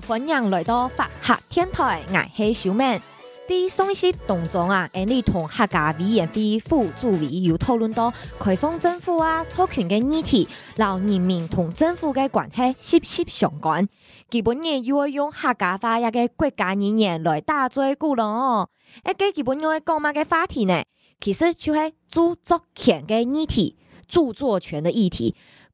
歡迎來到法客電台，我係小明啲雙攝當中啊！而你同客家委員會副主委要討論到開放政府啊，授權嘅議題，勞人民同政府嘅關係息息相關。基本又要用客家話一個國家語言來打做鼓浪哦。一基本用嘅講乜嘅話題呢？其實就係著作權嘅議題，著作權嘅議題。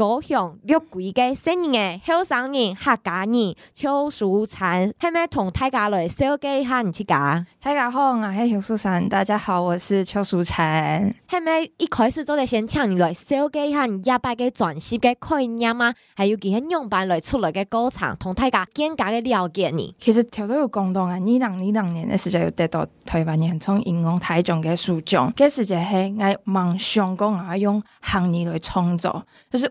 高雄六龜嘅新年、後生人、客家人、邱淑蟬，係咪同大家來紹介一下你自家？大家好，我係邱淑蟬。大家好，我是邱淑蟬。係咪一開始就得先請你 a 紹介一下你牙白嘅專輯嘅款樣嘛？係有幾樣樣板來出來嘅歌唱，同大家更加嘅了解你。其實頭都有講到，啊，二零、二零二零年嘅時候，又得到臺灣原創流行音樂大賽嘅首獎，嘅、這個、時間係我夢想講啊，用行業來創造，就是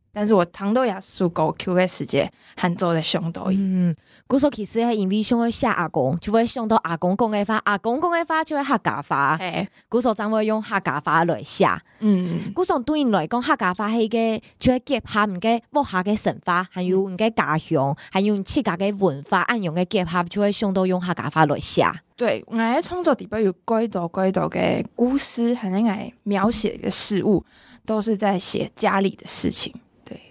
但是我唐雅豆亞屬狗 Q 時界很多的兄弟。嗯，故所其實是因為想愛寫阿公就會想到阿公講個話，阿公講個話就會客家話。哎，故所咱們用客家話來寫，嗯，故所對人來講，客家話黑個就會結合唔的，我下個神發，還有唔嘅家鄉，還有自家的文化，暗用嘅結合就會想到用客家話來寫，對，我嘅創作底邊有蓋多蓋多嘅故事，還有嘅描寫嘅事物，都是在寫家裡的事情。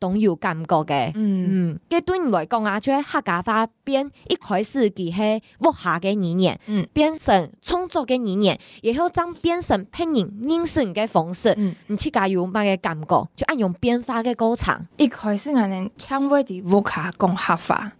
都有感覺嘅，佢、嗯嗯、對你來講啊，就客家話變一開始係屋下嘅語言，嗯，變成創作嘅語言，然後將變成別人認識你嘅方式，你自家有乜嘅感覺，就按用變化嘅過程，一開始係你聽我哋屋下講客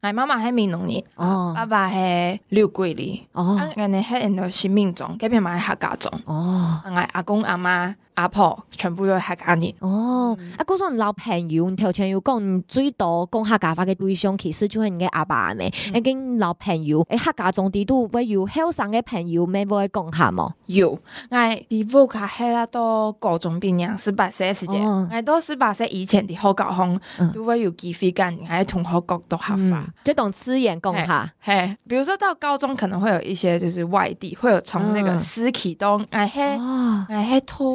我媽媽是閩南人，爸爸是六龜，我哋喺印度新民莊，佢哋買客家莊，這家中 oh. 我阿公阿媽。阿婆全部都係客家，啊，人哦！啊，嗰種老朋友，你頭先有講，你最多講客家話嘅對象，其實就係你嘅阿爸妹已經老朋友，你客家中地都會有後生嘅朋友，咪會講下冇？有，嗯，我哋屋企係啦，都高中畢業十八歲時間，我，嗯，都十八歲以前的好舊好，嗯，都會有機會間，喺同學嗰度合法，即係同資源講下。嘿，比如說到高中，可能會有一些，就是外地會有從那個私企東，哎，嗯，嘿，哎嘿拖。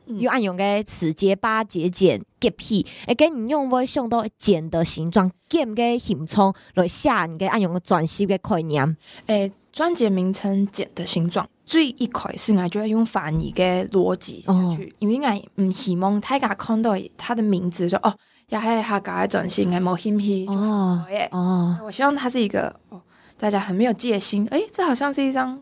要按用嘅詞節、八節、簡、節皮，誒，跟你用我送到繭的形狀，咁嘅形狀來寫你嘅按用嘅轉型嘅概念。誒、欸，專輯名稱《繭的形狀》，最一開始我就要用反義嘅邏輯，下去、哦，因為我唔希望太大家看到它的名字說哦，呀嘿，他搞個轉型嘅無興趣。哦，誒，哦，哦哦我希望它是一個哦，大家很沒有戒心。誒、欸，這好像是一張。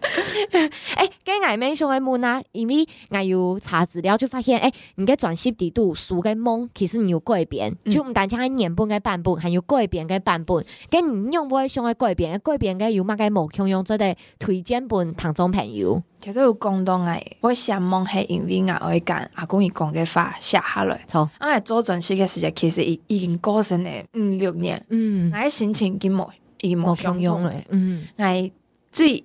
哎、 欸，跟外面上的門啊，因為我有查資料就發現，誒、欸，你個專輯底肚熟跟懵，其實你有改編，嗯、就唔但只係原本嘅版本，還有改編嘅版本。跟唔用上的過上嘅改編，改編嘅有嘛嘅無通用做咧推薦本，同種朋友。其實有共同我，我想懵是因為啊，我跟阿公你講嘅話寫下來，錯。我做專輯嘅時間其實已已經過身咧，五六年，嗯，我嘅心情已經冇，已經無平用嘞，嗯，我、欸、最。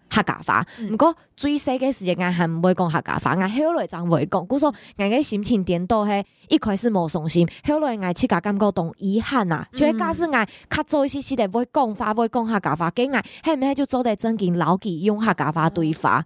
客家話毋過最細嘅時陣係毋會講客家話，但後來就會講。故說人嘅心情顛倒，係一開始無傷心，後來嗌自家感覺當遺憾啊。就係駕駛員較早啲事，哋會講話，會講客家話，跟嗌毋面就做佇正經勞氣用客家話對話。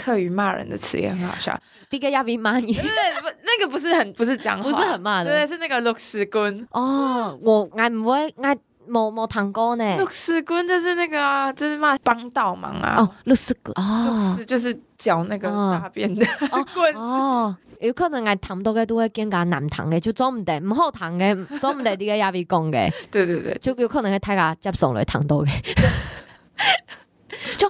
刻意罵人的詞也很好笑，第一個亞比罵你，對對,對不，那個不是很不是講話，不是, 不是很罵的，對,對,對，是那個露絲棍哦，我我不會，我愛某某過呢，露絲棍就是那個啊，就是罵幫倒忙啊，哦，露絲棍哦，露絲就是腳那個那邊的哦 哦, 哦,哦，有可能愛談多的都會更加難談的，就不不 做唔得，唔好談的，做唔得，這個亞比講嘅，對對對,對，就有可能會睇下接送來談多的。就。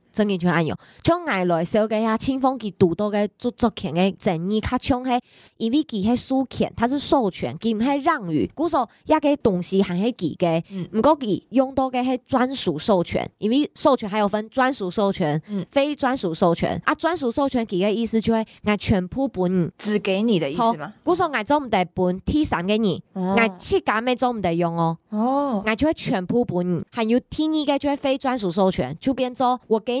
整年全安用，像外來小計下，清風佮堵到的著作權的爭議，佮搶起，因為佮起授權，它是授權，佮唔起讓與。古、就是、說，一個東西含起幾個，唔過佮用到的是專屬授權，因為授權還有分專屬授權、嗯、非專屬授權。啊，專屬授權佮嘅意思就是我全部本只給你的意思嗎？古、就是、說，我做唔得本，貼上給你，哦、我切假咪做唔得用哦。哦，我就會全部本，還有第二嘅就係非專屬授權，就變做我給。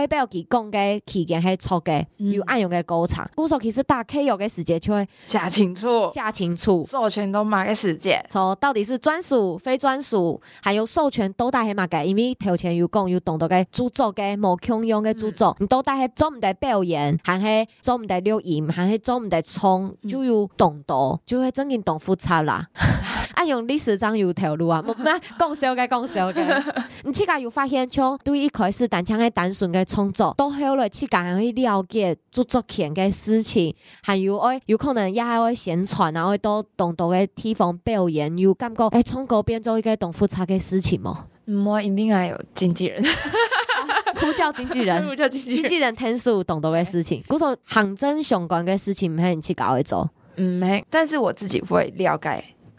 代表給供給期間係錯嘅，有暗用嘅高長，歌、嗯、手其實大 K 有個時節就會寫清楚，寫清楚，授權都買嘅時節，從到底是專屬、非專屬，還有授權都帶係買嘅，因為頭前有講有懂得嘅著作嘅，無強用嘅著作，你都帶係做唔得表演，還是做唔得錄音，還是做唔得冲，就有懂得、嗯，就會整件東複雜啦。 用理事長有透露啊，唔咩講笑嘅，講笑嘅，你自家又發現，像對於一開始，單像的單純的創作，都好了，自家可去了解著作權的事情，還有誒，有可能也會宣傳，然後動到當多的地方表演，又感覺誒，從嗰邊做一個當複雜的事情麼？唔、嗯，一定係有經紀人、 啊，呼叫經紀人， 呼叫經紀人，經紀人天數東東的事情，嗰、欸、種、嗯嗯、行政相關的事情，唔係你自家會做，嗯，沒、嗯，但是我自己會了解。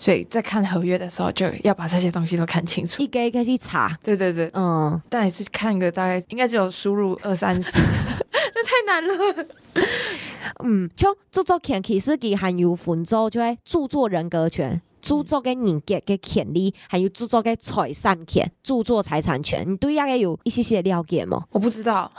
所以在看合約的時候，就要把這些東西都看清楚。一個一個去查。對對對，嗯，但還是看個大概，應該只有輸入二三十，那 太難了。嗯，像著作權其實佮含有分做，就、嗯、係著，著作人格權、著作嘅人格嘅權利，還有著作嘅財產權、著作財產權，你對阿概有一些些了解嗎？我不知道。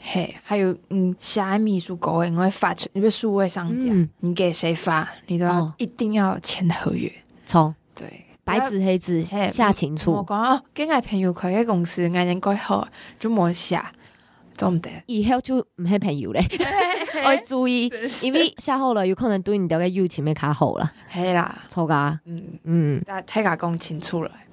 嘿，還有，嗯，下秘書稿誒，我會發成一個數位上架、嗯，你給誰發，你都要一定要簽合約，從、哦、對，白紙黑字寫寫清楚。我講、哦，跟個朋友開個公司，愛念關係好，就莫寫，做唔對，以後就唔係朋友咧，要 注意， 因為下好了，有可能對你那個友情咪卡好了， 嘿啦，錯噶，嗯嗯，大家睇下講清楚咯。